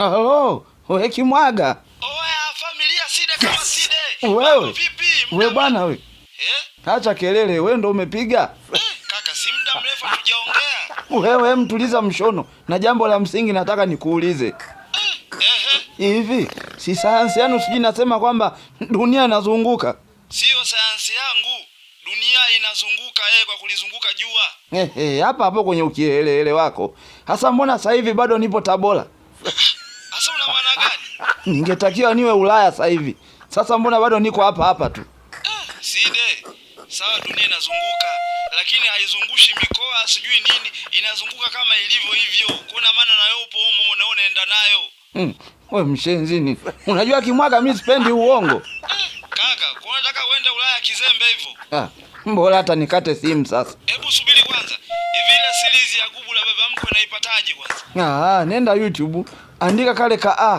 Oh, oh we Kimwaga. Oya familia side kama side. Wewe. Vipi? Wewe bwana wewe. Eh? Acha kelele, wewe ndo umepiga. Eh, kaka si muda mrefu tujaongea. Wewe mtuliza mshono na jambo la msingi nataka nikuulize. Eh, eh, hivi si sayansi yanu sijui nasema kwamba dunia inazunguka? Sio sayansi yangu. Dunia inazunguka yeye kwa kulizunguka jua. Ehe, hapa hapo kwenye ukielele wako. Hasa mbona sasa hivi bado nipo Tabora? Ningetakiwa niwe Ulaya sasa hivi. Sasa mbona bado niko hapa hapa tu? Side. Sawa, dunia inazunguka lakini haizungushi mikoa sijui nini, inazunguka kama ilivyo hivyo. Kuna maana na wewe upo huko na unaenda nayo. Mm. Wewe mshenzini. Unajua kimwaga mimi sipendi uongo. Kaka, kwa nataka uende Ulaya kizembe hivyo. Ah. Mbona hata nikate simu sasa? Hebu subiri kwanza. Hivi ile series ya Gubu la baba mkwe naipataje kwanza? Ah, ah, nenda YouTube, andika kale ka a